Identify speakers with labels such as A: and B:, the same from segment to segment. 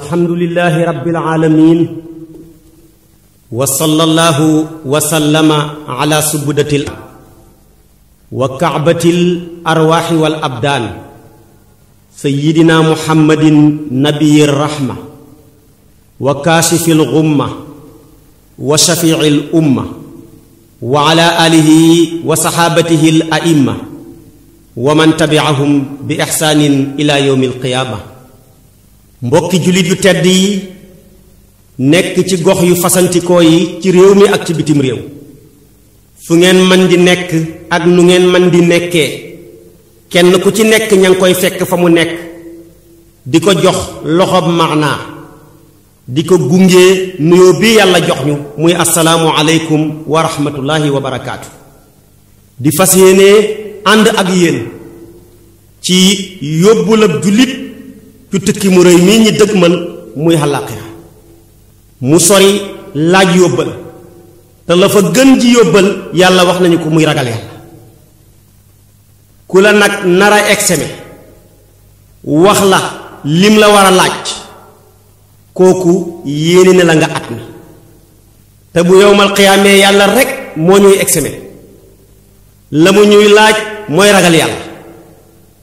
A: الحمد لله رب العالمين وصلى الله وسلم على سبدة وكعبة الأرواح والأبدان سيدنا محمد نبي الرحمة وكاشف الغمة وشفيع الأمة وعلى آله وصحابته الأئمة ومن تبعهم بإحسان إلى يوم القيامة mbokki jullit yu tedd yi nekk ci gox yu fasantikoo yi ci réew mi ak ci bitim réew fu ngeen man di nekk ak nu ngeen man di nekkee kenn ku ci nekk ña koy fekk fa mu nekk di ko jox loxob maanaa di ko gunge nuyoo bi yàlla jox ñu muy asalaamu aleykum wa rahmatullahi di fas yéene ànd ak yéen ci yóbbulab jullit ci tukki mu rëy mii ñi dëgmal muy àllaaxira mu sori laaj yóbbal te la fa gën ji yóbbal yàlla wax nañu ko muy ragal yàlla ku la nag nar a exeme wax la lim la war a laaj kooku yéene na la nga at mi te bu yowmal xiyaamee yàlla rekk moo ñuy exeme la mu ñuy laaj mooy ragal yàlla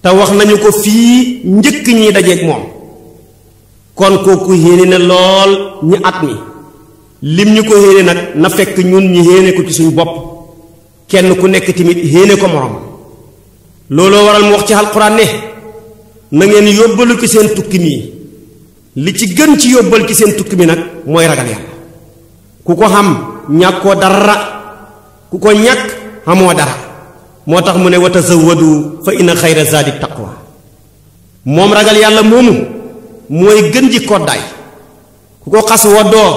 A: ta wax nañu ko fi ñeek ñi ak mom kon ku yéene na lool ñi at mi lim ñu ko yéene nak na fekk ñun ñi yéene ko ci suñu bop kenn ku nekk timit yéene ko morom lolo waral mu wax ci alquran ne na ngeen yóbbalu ci seen tukki mi li ci gën ci yobbal ci seen tukki mi nak moy ragal yalla ku ko xam ñako dara ku ko ñàkk dara motax mu ne wa tazawwadu fa ina khayra zadi taqwa mom ragal yalla mom moy gën ji day ku ko xas waddoo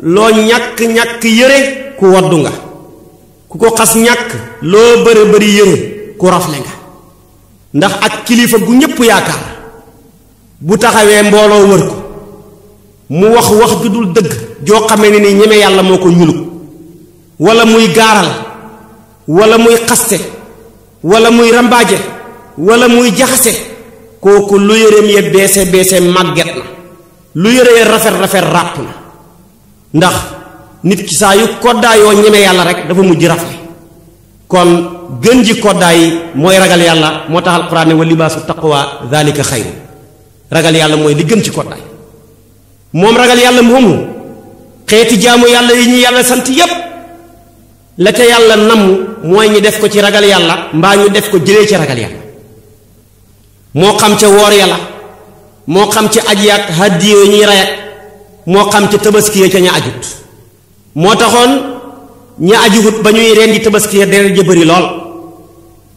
A: lo ñak ñak yere ku waddu nga ku ko xass ñak lo bëri bëri yere ku rafle nga ndax ak kilifa gu ñepp yaakaar bu taxawé mbolo wër ko mu wax wax gudul deug jo xamé ni ñeme yalla moko ñuluk wala muy garal wala muy xaste wala muy rambaaje wala muy jaxase kooku lu yëreem ya beese beese màgget na lu yëree ya rafet rafet ràpp na ndax nit ki saa yu ñeme yàlla rek dafa mujj rafle kon gën ji yi mooy ragal yàlla moo tax alquran ne wa libaasu taqwa dhalika xayru ragal yàlla mooy li gën ci koddaay moom ragal yàlla moomu xeeti jaamu yàlla yi ñu yàlla sant yépp la ca yàlla namm mooy ñu def ko ci ragal yàlla mbaa ñu def ko jëlee ci ragal yàlla moo xam ca woor ya la moo xam ci aj yaag hàddi yooyu ñuy rey moo xam ca tabaski ya ca ña ajut moo taxoon ña ajugut ba ñuy rendi tabaski ya deret ja bëri lool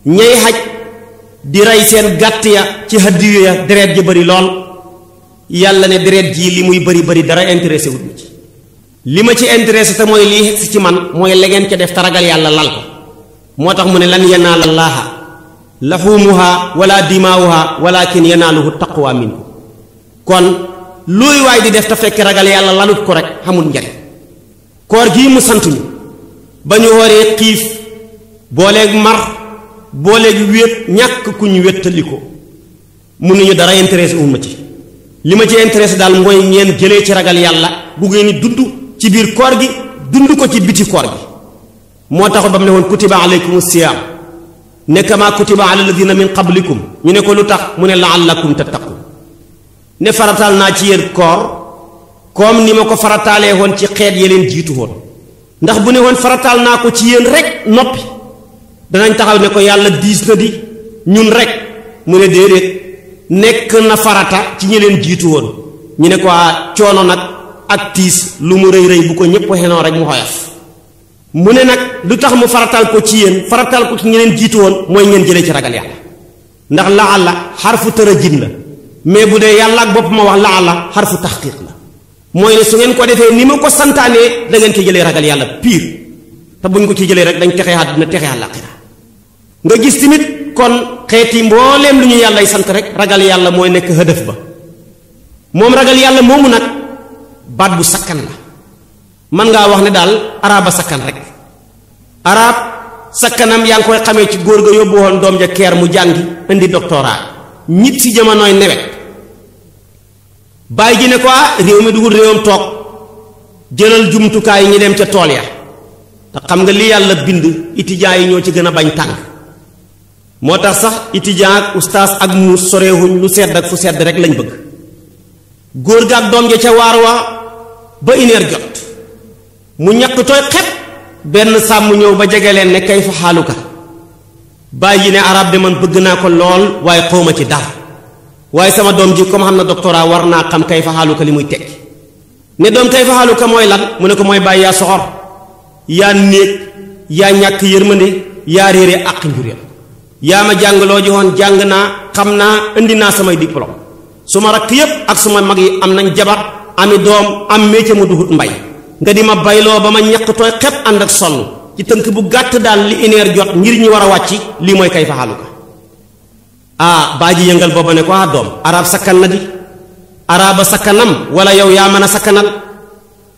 A: ñay xaj di rey seen gàtt ya ci hàddi ya deret ja bëri lool yàlla ne deret jii li muy bëri bëri dara intéressé wut ci li ma ci intéressé te mooy lii si ci man mooy la ngeen ca def ragal yàlla lal ko moo tax mu ne lan yanaala llaaha laxuumuha wala dimaawuha walakin yanaaluhu taqwa minkum kon looy waay di def te fekk ragal yàlla lalut ko rek xamul njariñ koor gi mu sant ñu ba ñu wooree xiif booleeg mar booleeg wéet ñàkk ku ñu wéttali ko mënuñu dara intéressé wu ci li ma ci intéressé daal mooy ngeen jëlee ci ragal yàlla bu ngeen dudd ci biir koor gi dund ko ci biti koor gi moo taxoon ba mu ne woon kutiba alaykum siyam ne kama kutiba ala alladina min qablikum ñu ne ko lu tax mu ne laallakum tattaqu ne farataal naa ci yéen koor comme ni ma ko farataalee woon ci xeet ya leen jiitu woon ndax bu ne woon farataal naa ko ci yéen rek noppi danañ taxaw ne ko yàlla diis na di ñun rek mu ne déedéet nekk na farata ci ñi leen jiitu woon ñu ne ko coono nag ak tiis lu mu rëy rëy bu ko ñépp xenoo rek mu xoyof mu ne nag lu tax mu faratal ko ci yéen faratal ko ci ñeneen jiitu woon mooy ngeen jëlee ci ragal yàlla ndax la àlla xarfu tërëjin la mais bu dee yàlla ak bopp ma wax la àlla xarfu taxqiiq la mooy ne su ngeen ko defee ni ma ko santaanee dangeen ngeen ci jëlee ragal yàlla pire te buñ ko ci jëlee rek dañ texee àdduna texe àllaaxira nga gis tamit kon xeeti mbooleem lu ñu yàllay sant rek ragal yàlla mooy nekk hëdëf ba moom ragal yàlla nag baat bu sakkan la mën ngaa wax ne daal araaba sakkan rek arab sakkanam yaa ngi koy xamee ci góor ga yóbbu woon doom ja keer mu jàngi indi doctorat ñit ci jamonooy newet bàyyi ji ne ko ah, réew mi dugul réewam toog jëlal jumtukaay yi ñu dem ca tool ya te xam nga li yàlla bind étudiants yi ñoo ci gën a bañ tàng moo tax sax étudiant ak ustaas ak muus sorewuñ lu sedd ak fu sedd rek lañ bëgg góor ga doom ja ca waar wa ba une heure jot mu ñak toy xet ben sam ñew ba ne kay fa ne arab de man bëgg na ko lool waaye xawma ci dar waaye sama dom ji comme xamna doctorat xam kay fa xaaluka li ne dom kay fa xaaluka mooy lan mu ne ko moy bàyyi soxor ya néeg ya ñak yërmande ya réere ak njureel ya ma jang lo joxon jang na xamna indi diplôme suma rak yépp ak suma mag am nañ jabar ami doom am métier mu duhut mbay nga di ma bayloo ba ma ñaq tooy xepp ànd ak sonn ci tënk bu gàtt daal li ineer jot ngir ñu war a wàcc lii mooy kay faxalu ka ah baa ji yëngal booba ne ko ah doom arab sakkan na di araaba sakkanam wala yow yaa mën a sakkanal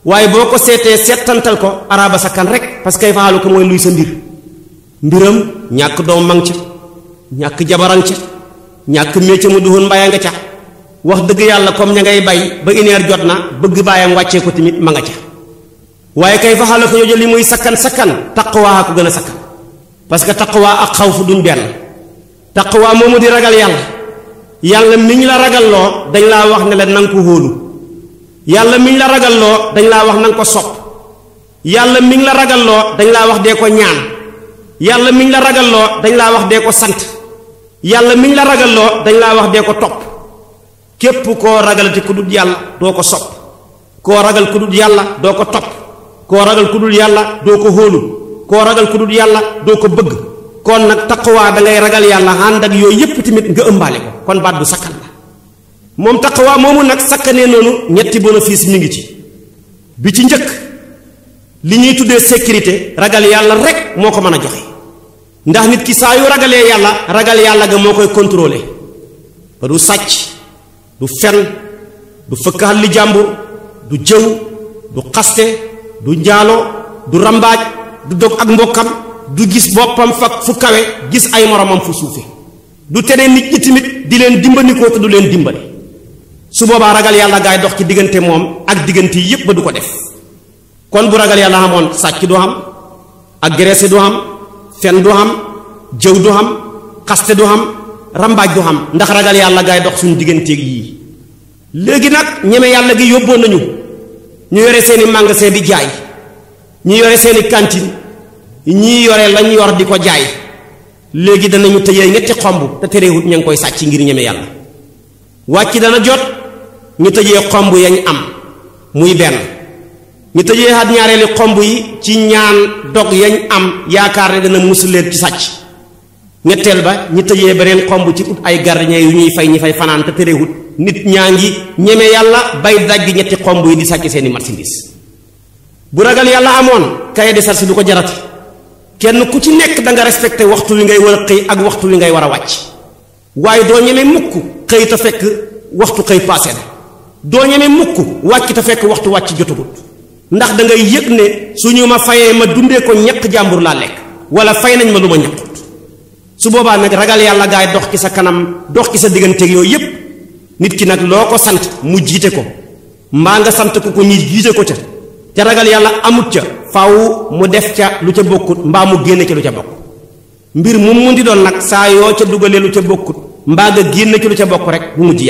A: waaye boo ko seetee seetantal ko araaba sakkan rek parce que kay faxalu ko mooy luy sa mbir mbiram ñàkk doom mang ca ñàkk jabaran ca ñàkk métier mu duhut mbaya nga ca wax deug yalla comme ña ngay bay ba une heure jot bëgg bayam wacce ko timit ma nga ca waye kay xala ko jooju li muy sakkan sakkan taqwa ko gëna a sakkan parce que taqwa ak khawf duñ ben taqwa moomu di ragal yalla yalla miñ la ragal Lo dañ la wax ne la nang ko holu yalla miñ la ragal lo dañ la wax nang ko sop yalla miñ la ragal lo dañ la wax de ko ñaan yalla miñ la ragal lo dañ la wax de ko sant yalla miñ la ragal lo dañ la wax de ko top képp koo ragal ku dul yàlla doo ko sopp koo ragal ku dul yàlla doo ko topp koo ragal ku dul yàlla doo ko hóolu koo ragal ku dul yàlla doo ko bëgg kon nag taqawaa da ngay ragal yàlla ànd ak yooyu yépp tamit nga ëmbaale ko kon baat bu sakkan la moom taqawaa moomu nag sakkanee noonu ñetti bénéfice mi ngi ci bi ci njëkk li ñuy tuddee sécurité ragal yàlla rek moo ko mën a joxe ndax nit ki saa yu ragalee yàlla ragal yàlla ga moo koy contrôler ba du sàcc du fen du fëkkaxal li jàmbur du jëw du xaste du njaalo du rambaaj du dog ak mbokkam du gis boppam fa fu kawe gis ay moromam fu suufe du tere nit ñi tamit di leen dimbandikoo te du leen dimbali su boobaa ragal yàlla gaay dox ci diggante moom ak diggante yépp ba du ko def kon bu ragal yàlla xamoon sàcc du xam agressé du xam fen du xam jëw du xam xaste du xam rambaaj du xam ndax ragal yàlla gaay dox suñu digganteeg yii léegi nag ñeme yàlla gi yóbboon nañu ñu yore seeni magasin di jaay ñu yore seeni cantine ñii yore lañ yor di ko jaay léegi danañu tëjee ñetti xomb te terewut ña ngi koy sàcc ngir ñeme yàlla wàcc dana jot ñu tëjee xomb yañ am muy benn ñu tëjee xaat ñaareeli xomb yi ci ñaan dog yañ am yaakaar ne dana musuleet ci sàcc ñetteel ba ñu tëjee beneen xomb ci ut ay gardien yu ñuy fay ñi fay fanaan te terewut nit ñaa ngi ñeme yàlla bay dagg ñetti xomb yi di sàcc seeni marchandise bu ragal yàlla amoon cahier de charge du ko jarati kenn ku ci nekk da nga respecté waxtu wi ngay war a xëy ak waxtu wi ngay war a wàcc waaye doo ñeme mukk xëy te fekk waxtu xëy passé na doo ñeme mukk wàcc te fekk waxtu wàcc jotagut ndax da ngay yëg ne su ñu ma fayee ma dundee ko ñàkk jàmbur laa lekk wala fay nañ ma lu ma ñàkk su boba nak ragal yalla gay dox ci sa kanam dox ci sa digganteeg yoy yep nit ki nak loko sante mu jiite ko ma nga sante ko ko nit jiite ko ca ca ragal yalla amut ca faaw mu def ca lu ca bokut mba mu ca lu ca bok mbir mu mu di ca lu ca bokut mba ga ca lu ca bok rek mu mujj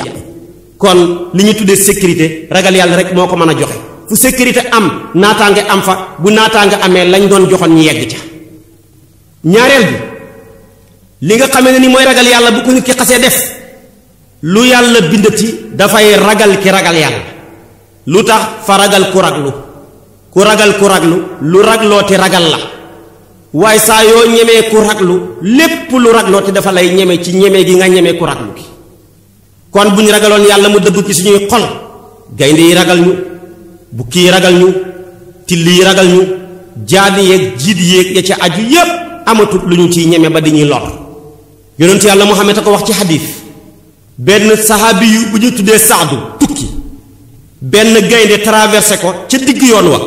A: kon liñu tuddé sécurité ragal yalla rek moko mëna joxé fu sécurité am nga am fa bu nga amé lañ doon joxoon ñi yegg ca ñaarel bi li nga xamee ne ni mooy ragal yàlla bu ko nit ki xasee def lu yàlla bindati dafay ragal ki ragal yàlla lu tax fa ragal ku raglu ku ragal ku raglu lu raglooti ragal la waaye saa yoo ñemee ku raglu lépp lu raglooti dafa lay ñeme ci ñeme gi nga ñeme ku raglu gi kon bu ñu ragaloon yàlla mu dëgg ci suñuy xol gaynde yi ragal ñu bukki yi ragal ñu till yi ragal ñu jaan yeeg jiit yéeg ya ca aju yépp amatul lu ñu ciy ñeme ba di ñuy lor yonent yalla muhammad ko wax ci sahabiyu ben sahabi yu bu ñu tuddee saadu tukki ben gaynde traverser ko ci digg yoon wa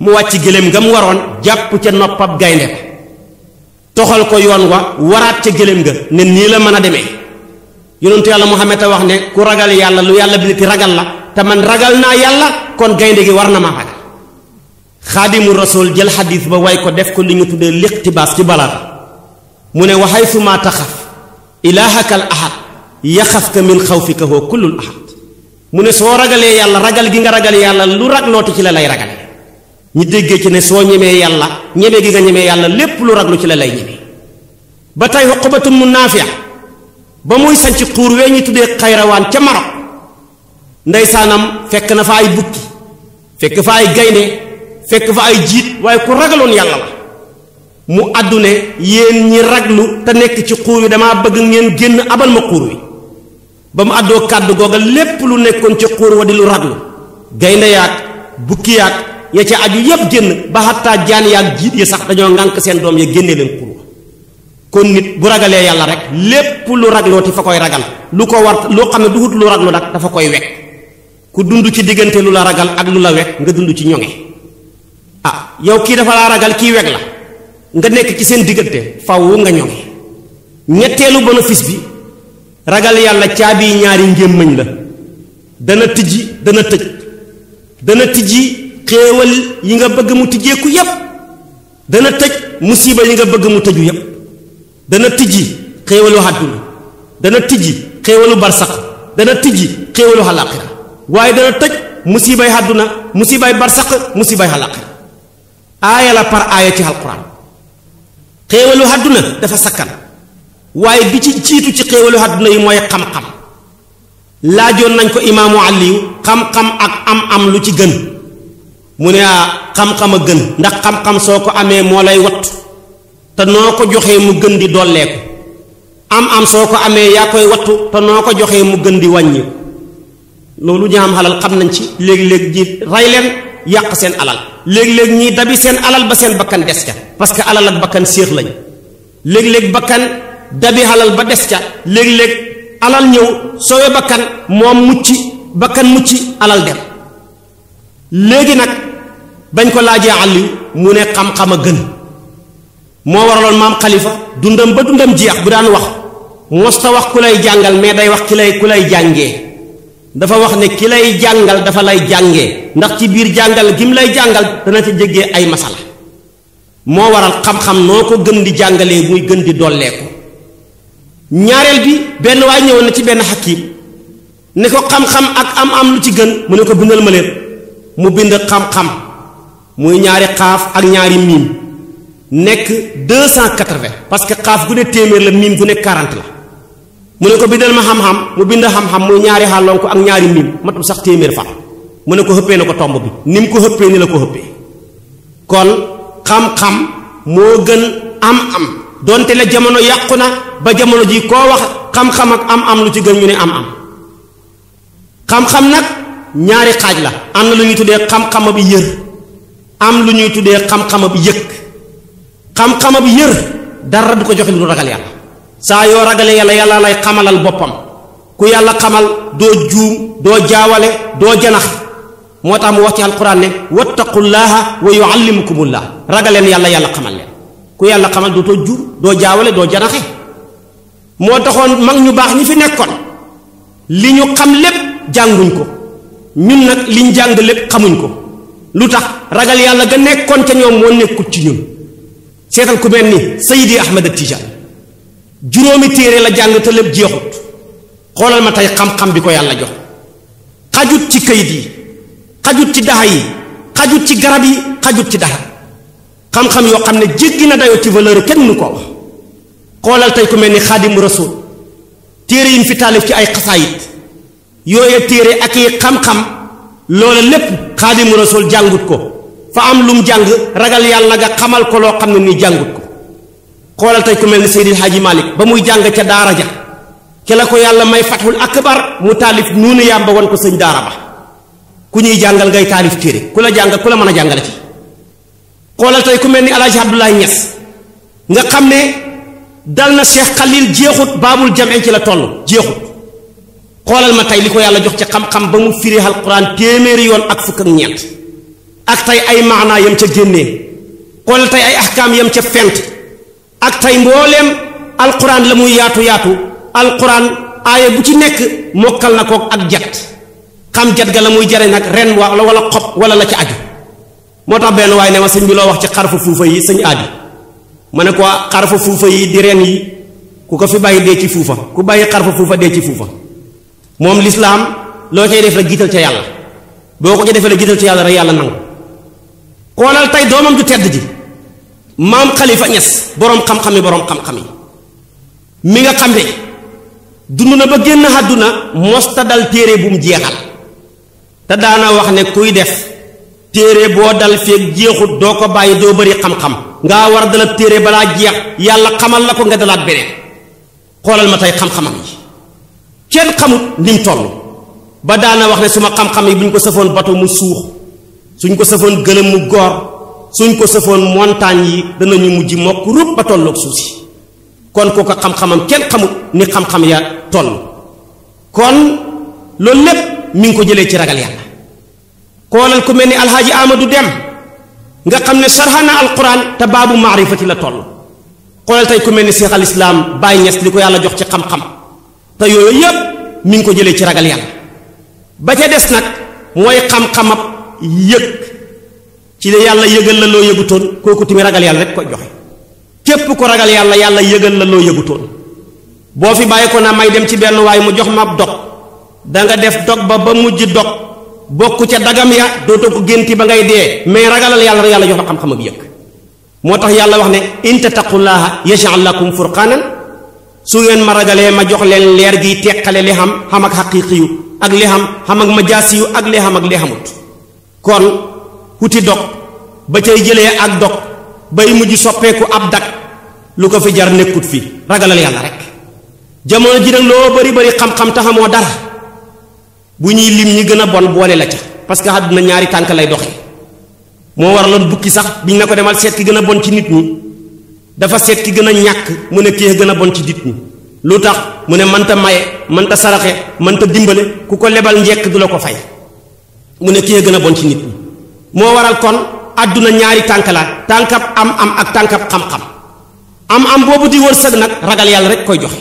A: mu wacc gelem gam waron japp ci noppab gaynde ko toxal ko yoon wa warat ci gelem ga ne ni la mën a yonent muhammad wax ne ku ragal yalla lu yalla bi ragal la te man ragal na yalla kon gaynde gi warna ma ragal khadimur rasul jël hadith ba way ko def ko li ñu tuddee ci balaa mu ne wa xaytu maa taxaf ilaahaka al ahad yaxafka min xawfika hoo kullul ahad mu ne soo ragalee yàlla ragal gi nga ragal yàlla lu raglooti ci la lay ragal ñi déggee ci ne soo ñemee yàlla ñeme gi nga ñemee yàlla lépp lu raglu ci la lay ñeme ba tey xoqbatun mu naafia ba muy sanc xuur wee ñi tuddee xayrawaan ca marok ndeysaanam fekk na fa ay bukki fekk fa ay gaynde fekk fa ay jiit waaye ku ragaloon yàlla la mu àddune ne yéen ñi raglu te nekk ci xuur wi damaa bëgg ngeen génn abal ma xuur wi ba mu àddoo kàddu googa lépp lu nekkoon ci xuur wa di lu raglu gaynde yaag bukki yaag ya ca aju yépp génn ba xattaa jaan yaag jiit yi sax dañoo ngànk seen doom ya génnee leen xuur wa kon nit bu ragalee yàlla rek lépp lu raglooti fa koy ragal lu ko war loo xam ne duhut lu raglu nag dafa koy wekk ku dund ci diggante lu la ragal ak lu la wekk nga dund ci ñoŋe ah yow kii dafa laa ragal kii wekk la nga nekk ci seen diggante faw nga ñoŋe ñetteelu bénéfice bi ragal yàlla caabi ñaari ngémmañ la dana tijji dana tëj dana tijji xéewal yi nga bëgg mu tijjeeku yépp dana tëj musiba yi nga bëgg mu tëju yépp dana tijji xéewalu àdduna dana tijji xéewalu barsax dana tijji xéewalu xalaaxira waaye dana tëj musibay àdduna musibay barsax musibay xalaaxira aaya la par aaya ci alquran xéewalu àdduna dafa sakkan waaye bi ci jiitu ci xéewalu àdduna yi mooy xam-xam laajoon nañ ko imaamu Aliyu xam-xam ak am-am lu ci gën mu ne ah xam-xam a gën ndax xam-xam soo ko amee moo lay wattu te noo ko joxee mu gën di dolleeku am-am soo ko amee yaa koy wattu te noo ko joxee mu gën di wàññi loolu ñaam xalal xam nañ ci léeg-léeg ji rey leen. yak sen alal leg leg ñi dabi sen alal ba sen bakkan des ca parce que alal ak bakkan séex lañ leg leg bakkan dabi halal ba des ca leg leg alal ñew sowe bakkan mom mucci bakkan mucci alal dem legi nak bañ ko laaje ali mu ne xam xama gën dundam ba dundam jeex bu daan wax mosta wax kulay jangal me day wax kulay kulay jangé dafa wax ne ki lay jàngal dafa lay jànge ndax ci biir jàngal gi mu lay jàngal dana ca jéggee ay masala moo waral xam-xam noo ko gën di jàngalee muy gën di dolleeku ñaareel bi benn waay ñëwoon na ci benn xakim ne ko xam-xam ak am-am lu ci gën mu ne ko bindal ma mu bind xam-xam muy ñaari xaaf ak ñaari miim nekk deux cent quatre-vingts parce que xaaf gu ne téeméer la miim gu ne quarante la. mu ne ko bindal ma xam-xam mu bind xam-xam muy ñaari xàllonko ak ñaari mim matum sax téeméer fa mu ne ko xëppee na ko tomb bi nim ko xëppee ni la ko kon xam-xam mo gën am-am donte la jamono yàqu na ba jamono ji ko wax xam-xam ak am-am lu ci gën ñu ne am-am xam-xam nak ñaari xaj la am na lu ñuy tuddé xam-xam bi yër am lu ñuy tuddé xam-xam bi yëg xam-xam bi yër dara du ko joxe lu ragal yalla saa yoo ragale yàlla yàlla lay xamalal boppam ku yàlla xamal doo juum doo jaawale doo janax moo tax mu wax ci alquran ne wattaqullaha wa yuallimukumullah ragaleen yàlla yàlla xamal leen ku yàlla xamal dootoo juum doo jaawale doo janaxe moo taxoon mag ñu baax ñi fi nekkoon li ñu xam lépp jànguñ ko ñun nag ñu jàng lépp xamuñ ko lu tax ragal yàlla ga nekkoon ca ñoom moo nekkut ci ñun seetal ku mel ni Seydi Ahmed Tidiane juróomi téere la jàng te lépp jeexut xoolal ma tey xam-xam bi ko yàlla jox xajut ci kayit yi xajut ci daxa yi xajut ci garab yi xajut ci dara xam-xam yoo xam ne jéggi na dayoo ci valeur kenn mënu koo xoolal tey ku mel ni xaadimu rasul téere yi ñu fi taalif ci ay xasaayit yooye téere ak yi xam-xam loola lépp xaadimu rasul jàngut ko fa am lu mu jàng ragal yàlla nga xamal ko loo xam ne nii jàngut ko xoolal tey ku mel ni Seydil Hadji malik ba muy jàng ca daara ja ki ko yàlla may fathul akbar mu taalif nuunu yàmba wan ko sëñ daara ba ku ñuy jàngal ngay taalif téere ku la jàngal ku la mën a jàngale ci xoolal tey ku mel ni Alaaji Abdoulaye Niass nga xam ne dal na Cheikh Khalil jeexut baabul jamee ci la toll jeexut xoolal ma tey li ko yàlla jox ci xam-xam ba mu firee alquran téeméeri yoon ak fukk ak ñeent ak tey ay maanaa yam ca génnee xoolal ay ahkaam yam ca ak tey mbooleem alquran la muy yaatu yaatu alquran aaya bu ci nekk mokkal na koog ak jat xam jat ga la muy jare nag ren la wala xob wala la ci aju moo tax benn waaye ne ma sëñ bi loo wax ci xarfu fuufa yi sëñ aadi ma ne ko xarfu fuufa yi di ren yi ku ko fi bàyyi dee ci fuufa ku bàyyi xarfu fuufa dee ci fuufa moom lislaam loo cay def rek jiital ca yàlla boo ko ca defee rek jiital ca yàlla rek yàlla nangu xoolal tey doomam ju tedd ji maam xalifa ñes boroom xam-xam yi boroom xam-xam yi mi nga xam ne dund na ba génn àdduna mosta dal téere bu mu jeexal te daana wax ne kuy def téere boo dal feeg jeexut doo ko bàyyi doo bëri xam-xam ngaa war a dalab téere balaa jeex yàlla xamal la ko nga dalaat beneen xoolal ma tey xam-xamam yi kenn xamut ni mu ba daana wax ne suma xam-xam yi bu ñu ko safoon batu mu suux suñ ko safoon gëlëm mu goor suñ ko sëfoon montagne yi danañu mujj mokk ruub ba tolloog suuf kon kooku xam-xamam kenn xamut ni xam-xam ya toll kon loolu lépp mi ngi ko jëlee ci ragal yàlla xoolal ku mel ni alxaaji Amadou Dem nga xam ne sarxana alquran te baabu maarifati la toll xoolal tey ku mel ni seex al bàyyi Baay Ñas li ko yàlla jox ci xam-xam te yooyu yépp mi ngi ko jëlee ci ragal yàlla ba ca des nag mooy xam-xamab yëg ci la yàlla yëgal la loo yëgutoon kooku tamit ragal yàlla rek ko joxe képp ko ragal yàlla yàlla yëgal la loo yëgutoon boo fi bàyyi ko naa may dem ci benn waay mu jox ma ab dog da nga def dog ba ba mujj dog bokk ca dagam ya dootoo ko génti ba ngay dee mais ragalal yàlla rek yàlla jox la xam-xam ak yëg moo tax yàlla wax ne in tattaqullaha yaj'al lakum furqaanan su ngeen ma ragalee ma jox leen leer gi teqale li xam xam ak xaqiiqi ak li xam xam ak majaasi yu ak li xam ak li wuti dog ba cey jele ak dog bay muju soppeku ab dak lu ko fi jar nekut fi ragalal yalla rek jamono ji nak lo bari bari xam-xam taxamoo dara bu ñi lim ñi gëna bon boole la ca parce que haduna ñaari tank lay mo war lon bukki sax biñ nako demal set ki gëna bon ci nit ñi dafa set ki gëna ñak mu ne ki gëna bon ci nit ñi lutax mu ne ta maye saraxé man ta dimbalé ku ko lebal ñek du ko fay mu ne ki gëna bon ci nit ñi moo waral kon àdduna ñaari tànk la tànkab am am ak tànkab xam-xam am am boobu di wërsëg nag ragal yàlla rek koy joxe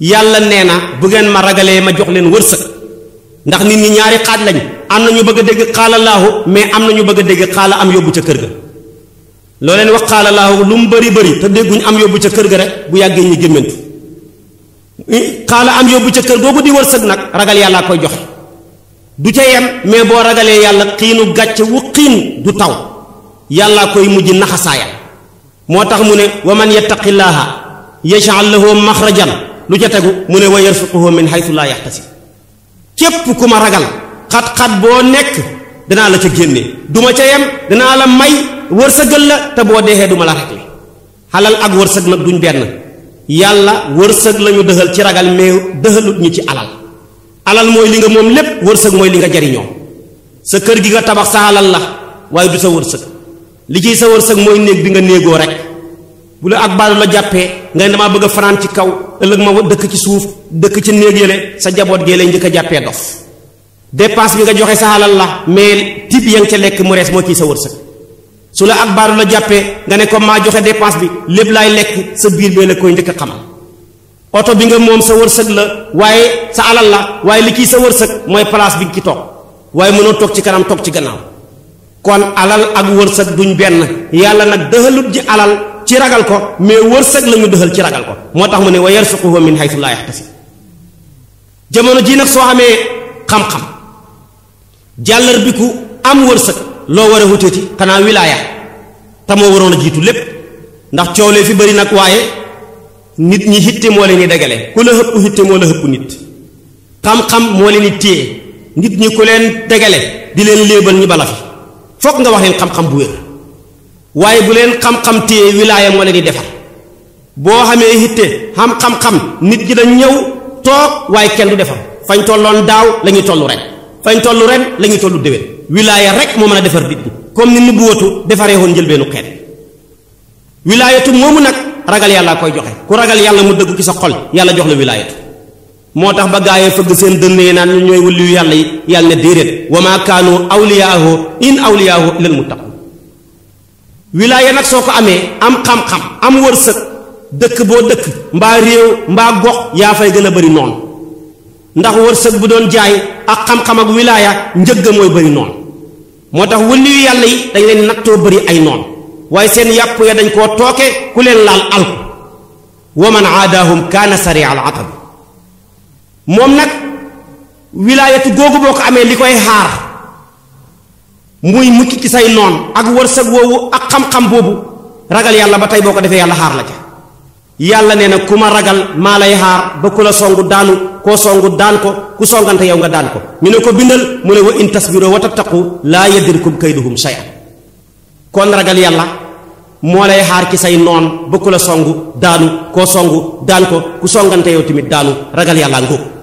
A: yàlla nee na bu ngeen ma ragalee ma jox leen wërsëg ndax nit ñi ñaari xaaj lañ am na ñu bëgg a dégg xaala laahu mais am na ñu bëgg a dégg xaala am yóbbu ca kër ga loo leen wax xaala laahu lu mu bëri bari te dégguñ am yóbbu ca kër ga rek bu yàggee ñi gémmantu xaala am yóbbu ca kër ko di wërsëg nag ragal yàllaa koy joxe du ca yem mais boo ragalee yàlla xiinu gàcce xiin du taw yàllaa koy mujj naxasaayal moo tax mu ne wa man yattaqillaaha yaj'al lahu maxrajan lu ca tegu mu ne wa yarsuquhu min haythu laa yaxtasib képp ku ma ragal xat-xat boo nekk danaa la ca génne du ma ca yem danaa la may wërsëgal la te boo deexee du ma la régler xalal ak wërsëg nag duñ benn yàlla wërsëg lañu dëxal ci ragal mais dëxalut ñi ci alal alal mooy li nga moom lépp wërsëg mooy li nga jariñoo sa kër gi nga tabax sa alal la waaye du sa wërsëg li ciy sa wërsëg mooy néeg bi nga néegoo rek bu la ak baalu la jàppee nga ne damaa bëgg a fanaan ci kaw ëllëg ma dëkk ci suuf dëkk ci néeg yële sa jaboot gee lay njëkk a jàppee dof dépense bi nga joxe sa alal la mais tib ya nga ca lekk mu rees moo ciy sa wërsëg su la ak baalu la jàppee nga ne comme maa joxe dépense bi lépp laay lekk sa biir bee la koy njëkk a xamal oto bi nga moom sa wërsëg la waaye sa alal la waaye li kii sa wërsëg mooy place bi nga ci toog waaye mënoo toog ci kanam toog ci gannaaw kon alal ak wërsëg duñ benn yàlla nag dëxalut ji alal ci ragal ko mais wërsëg la ñu dëxal ci ragal ko moo tax mu ne wa yarsuquhu min haythu laa yahtasib jamono jii nag soo amee xam-xam jàllar bi ku am wërsëg loo war a wuteeti xanaa wilaaya te moo waroon a jiitu lépp ndax coow lee fi bari nag waaye nit ñi hitte moo leen di dagale ku la hëpp hitte moo la hëpp nit xam-xam moo leen di nit ñi ku leen dagale di leen léebal ñi bala fi foog nga wax leen xam-xam bu wér waaye bu leen xam-xam téye wilaaya moo leen di defar boo xamee hitte xam xam nit ñi dañ ñëw toog waaye kenn du defar fañ tolloon daaw la ñuy toll ren fañ toll ren la tollu toll déwén wilaaya rek moo mën a defar nit ñi comme ni nubuwatu defaree woon njëlbeenu xeet wilaayatu moomu nag ragal yàllaa koy joxe ku ragal yàlla mu dëgg ci sa xol yàlla jox la wilaayatu moo tax ba gaayee fëgg seen dënd yi naan ñu ñooy wëliyu yàlla yi yàlla ne déedéet wa maa kaanu awliyaahu in awliyaahu illal nag soo ko amee am xam-xam am wërsëg dëkk boo dëkk mbaa réew mbaa gox yaa fay gën a bëri noonu ndax wërsëg bu doon jaay ak xam-xam ak wilaaya njëgg mooy bëri noonu moo tax wëliyu yàlla yi dañ leen nattoo bëri ay noon waaye seen yàpp ya dañ koo tooke ku leen laal alku wa man aadaahum kaana sari al aqab moom nag wilaayatu googu boo ko amee li koy xaar muy mucc ci say noon ak wërsëg woowu ak xam-xam boobu ragal yàlla ba tey boo ko defee yàlla xaar la ca yàlla nee na ku ma ragal maa lay xaar ba ku la songu daanu koo songu daan ko ku songante yow nga daan ko ñu ne ko bindal mu ne wa in tasbiroo wa tattaqu laa yadirkum kayduhum shay'an kon ragal yàlla moo lay xaar ci say noon ba ku la songu daanu koo songu daan ko ku songante yow tamit daanu ragal yàlla ngóob